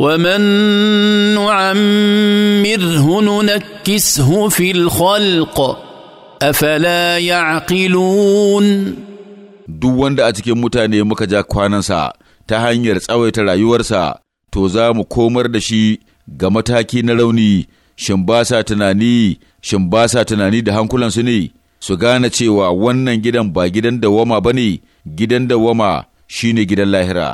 ومن نعمره ننكسه في الخلق أفلا يعقلون duk wanda a cikin mutane muka ja kwanansa ta hanyar tsawaita rayuwarsa to za mu komar da shi ga mataki na rauni shin ba sa tunani shin ba sa tunani da hankulansu ne su gane cewa wannan gidan ba gidan dawama ba ne gidan dawama shine gidan lahira